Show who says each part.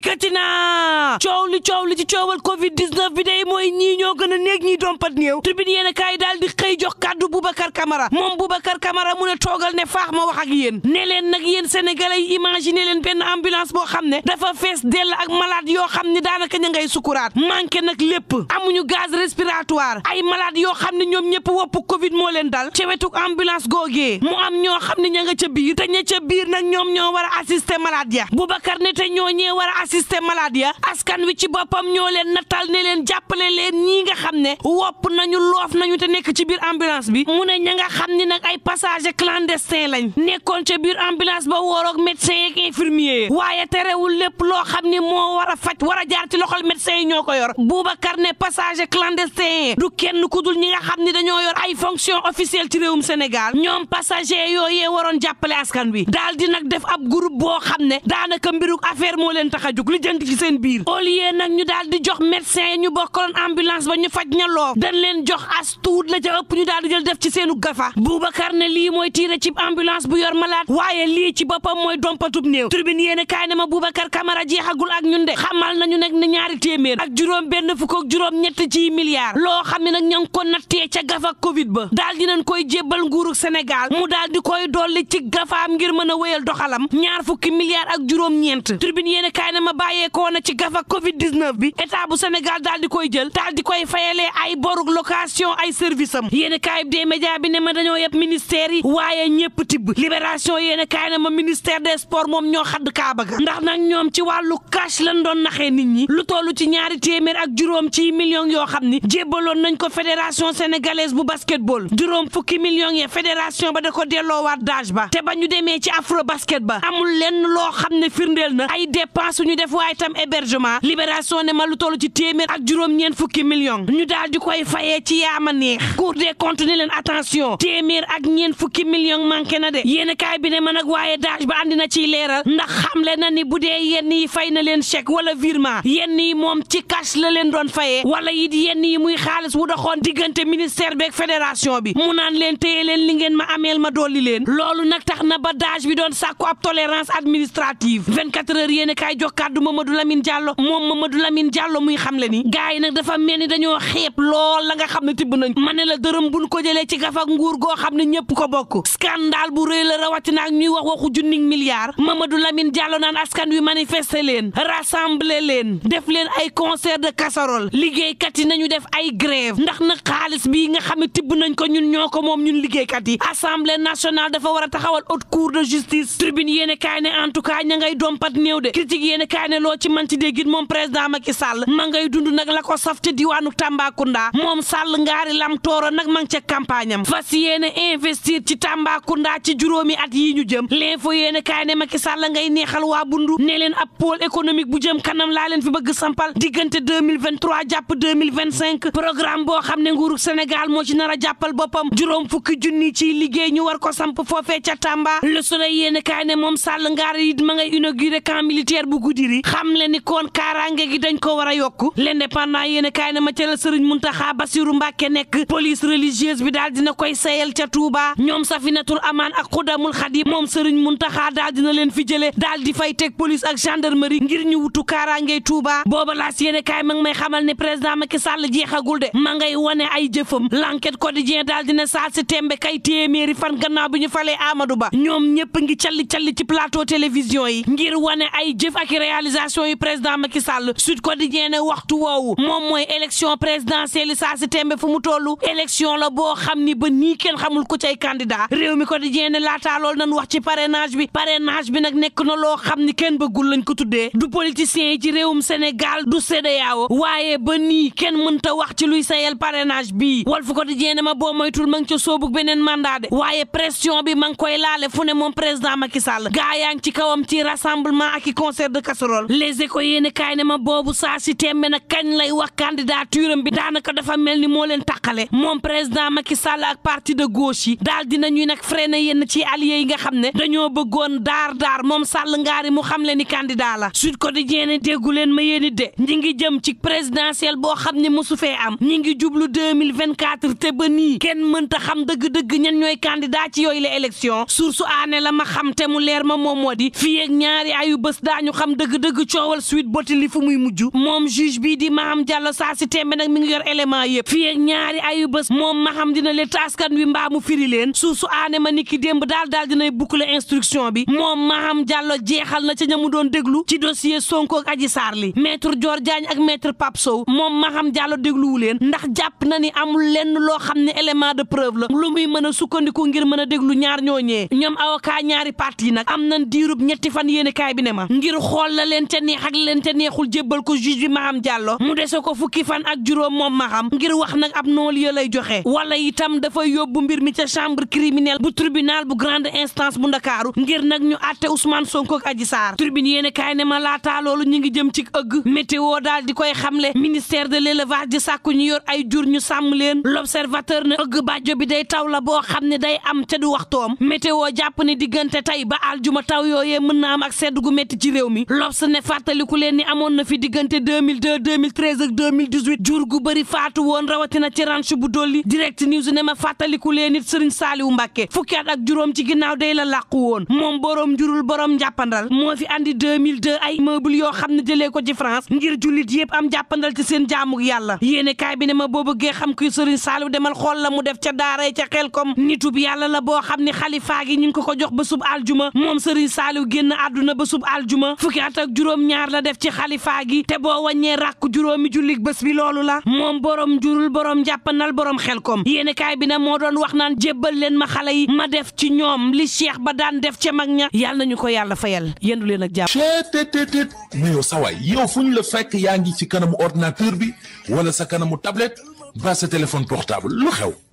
Speaker 1: katina coow li coow li ci coowal covid 19 bi day mooy ñii ñoo gën a néeg ñiy dompat néew tribune yéen a kaay daal di xëy jox kàddu Boubacar Camara moom Boubacar Camara mu toogal ne faax ma wax ak yéen ne leen nag yéen sénégalais yi imaginer leen benn ambulance boo xam ne dafa fees dell ak malade yoo xam ne daanaka ña ngay sukuraat manqué nag lépp amuñu gaz respiratoire ay malade yoo xam ne ñoom ñëpp wopp covid moo leen dal ca wetuk ambulance googee mu am ñoo xam ne ñoom ñoo a assister malade assisté malade ya askan wi ci boppam ñoo leen nattal ne leen jàppale leen ñii nga xam ne wopp nañu loof nañu te nekk ci biir ambulance bi mu ne ña nga xam ni nag ay passager clandestin lañ nekkoon ca biir ambulance ba wóoroog médecin yeeg infirmier waaye terewul lépp loo xam ne moo war a faj war a jaar ci loxol médecin ñoo ko yor Boubacar ne passager clandestin du kenn ku dul ñi nga xam ni dañoo yor ay fonction officielle ci réewum Sénégal ñoom passager yooyee waroon jàppale askan wi daal di nag def ab groupe boo xam ne daanaka mbiruk affaire moo leen tax jóg lijjanti ci seen biir au lieu nag ñu daal jox médecin yi ñu bokkaloon ambulance ba ñu faj ña loof dañ leen jox as tuut la ca ëpp ñu daal di jël def ci seenu gafa Boubacar ne lii mooy tiire ci ambulance bu yor malaat waaye lii ci boppam mooy dompatub néew tribune yéen kaay ne ma Boubacar Camara jeexagul ak ñun de xamal nañu nag ne ñaari téeméer ak juróom benn fukk ak juróom ñet ci milliards loo xam ne nag ña ngi ko nattee ca gafa covid ba daal dinañ koy jébbal nguurug Sénégal mu daal di koy dolli ci gafaam ngir mën a wéyal doxalam ñaar fukki milliards ak juróom ma bàyyeekoo na ci gafa Covid 19 bi état bu Sénégal daal di koy jël daal di koy fayalee ay borug location ay service am yéen kaay bi des bi ne ma dañoo yëpp ministère yi waaye ñëpp tibb libération yéen kaay na ma ministère des sports moom ñoo xadd kaaba ga ndax nag ñoom ci wàllu cash lan doon naxee nit ñi lu tollu ci ñaari téeméer ak juróom ci millions yoo xam ni jébbaloon nañ ko fédération sénégalaise bu basketball juróom fukki million ya fédération ba da ko delloowaat dage ba ba ñu demee ci afro basket ba amul lenn loo xam ne firndeel na ay dépense def waaye tam hébergement libération ne ma lu toll ci téeméer ak juróom-ñeent fukki million ñu daal di koy fayee ci yaama neex cour des comptes ne leen attention téeméer ak ñeent fukki million manqué na de yéen kaay bi ne man ak waaye daaj ba andi na ciy leeral ndax xamle na ni bu de yenn yi fay na leen chèque wala virement yenn yi moom ci cash la leen doon fayee wala it yenn yi muy xaalis wu doxoon diggante ministère beeg fédération bi mu naan leen téye leen li ngeen ma ameel ma dolli leen loolu nag na ba bi doon sàkku ab tolérance administrative 24 heures kàddu Mamadou Lamine Diallo moom Mamadou Lamine Diallo muy xam le ni gars yi nag dafa mel ni dañoo xeeb lool la nga xam ne tibb nañ ma ne la dërëm buñ ko jëlee ci gafak nguur goo xam ne ñëpp ko bokk scandale bu rëy la rawatina ak ñuy wax waxu junnig milliard Mamadou Lamine Diallo naan askan wi manifester leen rassembler leen def leen ay concert de casserole liggéeykat yi nañu def ay grève ndax nag xaalis bi nga xam ne tibb nañ ko ñun ñoo ko moom ñun liggéeykat yi assemblée nationale dafa war a taxawal haute cour de justice tribune yéen kaay ne en tout cas yéenekaay loo ci man ci déggit moom président Macky Sall ma ngay dund nag la ko saf ca diwaanu Tambacounda moom Sall ngaari lam tooro nag ma ngi ca campagne am fas yéene investir ci Tambacounda ci juróomi at yi ñu jëm l'info yéenekaay ne Macky Sall ngay neexal waa bundu ne leen ab pôle économique bu jëm kanam laa leen fi bëgg sampal diggante 2023 jàpp 2025 programme boo xam ne nguuru Sénégal moo ci nar a jàppal boppam juróom fukki junni ci liggéey ñu war ko samp foofee ca Tamba Le Soleil yéenekaay ne moom Sall ngaari it ma ngay inauguré camp bu guddi Siri xam le ni kon kaaraange gi dañ ko war a yokku l'indépendant yéene kaay na ma ca la sëriñ Muntaxa Basiru Mbàkke nekk police bi daal dina koy sayel ca Touba ñoom Safinatul Amaan ak Xudamul Xadim moom sëriñ Muntaxa daal dina leen fi jële daal di fay teg police ak gendarmerie ngir ñu wutu kaaraangey Touba booba laas yéene kaay ma ngi may xamal ne président Macky Sall jeexagul de ma ngay wane ay jëfam l'enquête quotidien daal dina saa si tembe kay téeméeri fan gannaaw bi ñu falee Amadou Ba ñoom ñëpp ngi calli calli ci plateau télévision yi ngir wane réalisation yu président Macky Sall Sud Quotidien ne waxtu woowu moom mooy élection présidentielle saa si tembe fu mu toll élection la boo xam ni ba nii kenn xamul ku cay candidat réew mi Quotidien ne laataa loolu nañ wax ci parrainage bi parrainage bi nag nekk na loo xam ni kenn bëggul lañ ko tuddee du politiciens yi ci réewum Sénégal du CEDEAO waaye ba nii kenn mënta wax ci luy sayal parrainage bii Walf Quotidien ne ma boo moytul ma ngi ca sóobug beneen mandat de waaye pression bi ma i koy laale fu ne moom président Macky Sall gaa yaa ngi ci ak i casserole les éco yéene kaay ne ma boobu saa si tembe na kañ lay wax candidature am bi daanaka dafa mel ni moo leen taqale moom président Macky Sall ak parti de gauche yi daal ñuy nag freiné yéen ci alliés yi nga xam ne dañoo bëggoon daar daar moom Sall ngaari mu xam le ni candidat la Sud Quotidien ne déggu leen ma yéen de ñi ngi jëm ci présidentielle boo xam ne mosu fee am ñi ngi jublu 2024 te ba nii kenn mënta xam dëgg-dëgg ñan ñooy candidat ci yooyu la élection source aane la ma xam te mu leer ma moom moo di fii ak ñaari ayu dëgg-dëgg coowal Sweet Beauté li fu muy mujj moom juge bii di Maham Diallo saa si tembe nag mi ngi yor élément yëpp fii ak ñaari ayu bés moom Maham dina leen taaskan wi mbaa mu firi leen suuf su aane ma ni ki démb daal daal dinay boucler instruction bi moom Maham Diallo jeexal na ca ña mu doon déglu ci dossier Sonko ak Adji Sarr li maître Dior Diagne ak maître Pape Sow moom Maham Diallo dégluwu leen ndax jàpp na ni amul lenn loo xam ne élément de preuve la muy mën a sukkandiku ngir mën a déglu ñaar ñooñee ñoom avocat ñaari parti nag am nañ diirub ñetti fan yéene bi ne ma la leen ca neex ak leen ca neexul jébbal ko juge bi Maham Diallo mu dese ko fukki fan ak juróom moom Maham ngir wax nag ab non lieu lay joxe wala itam dafay yóbbu mbir mi ca chambre criminelle bu tribinal bu grande instance bu ndakaaru ngir nag ñu àtte Ousmane Sonko ak Adji Sarr tribune yéene kaay ne ma laataa loolu ñu ngi jëm ci ëgg météo daal di koy xamle ministère de l'élevage di sàkku ñu yor ay jur ñu sàmm leen l'observateur ne ëgg bajo bi day taw la boo xam ne day am ca du waxtoom météo jàpp ne diggante tey ba aljuma taw yooyee mën na am ak sedd gu métti ci réew mi L'Obs ne fàttaliku leen ni amoon na fi diggante 2002 2013 ak 2018 jur gu bëri faatu woon rawatina ci ranch bu dolli direct news ne ma fàttaliku leen it Serigne Saliou Mbacké fukki at ak juróom ci ginnaaw day la làqu woon moom boroom jurul boroom njàppandal moo fi andi 2002 ay meuble yoo xam ne jëlee ko ci France ngir julit yëpp am jàppandal ci seen jaamuk yàlla yéene kaay bi ne ma boo bëggee xam kuy Serigne Saliou demal xool la mu def ca daara ca xel kom nitub yàlla la boo xam ne xalifaa gi ñu ngi ko ko jox ba sub aljuma moom Serigne Saliou génn àdduna ba sub aljuma fukki at ak juróom-ñaar la def ci xalifaa gi te boo wàññee ràkk juróomi jullik bés bi loolu la moom borom jurul boroom jàppanal boroom xel koom yéeni bi na moo doon wax naan jébbal leen ma xale yi ma def ci ñoom li cheikh ba daan def ca mag ña yàlla nañu ko yàlla fayal yendu leen ak jàpp
Speaker 2: chetttt mais yow sawaay yow fu ñu la fekk yaa ngi ci kanamu ordinateur bi wala sa kanamu tablette ba sa téléphone portable lu xew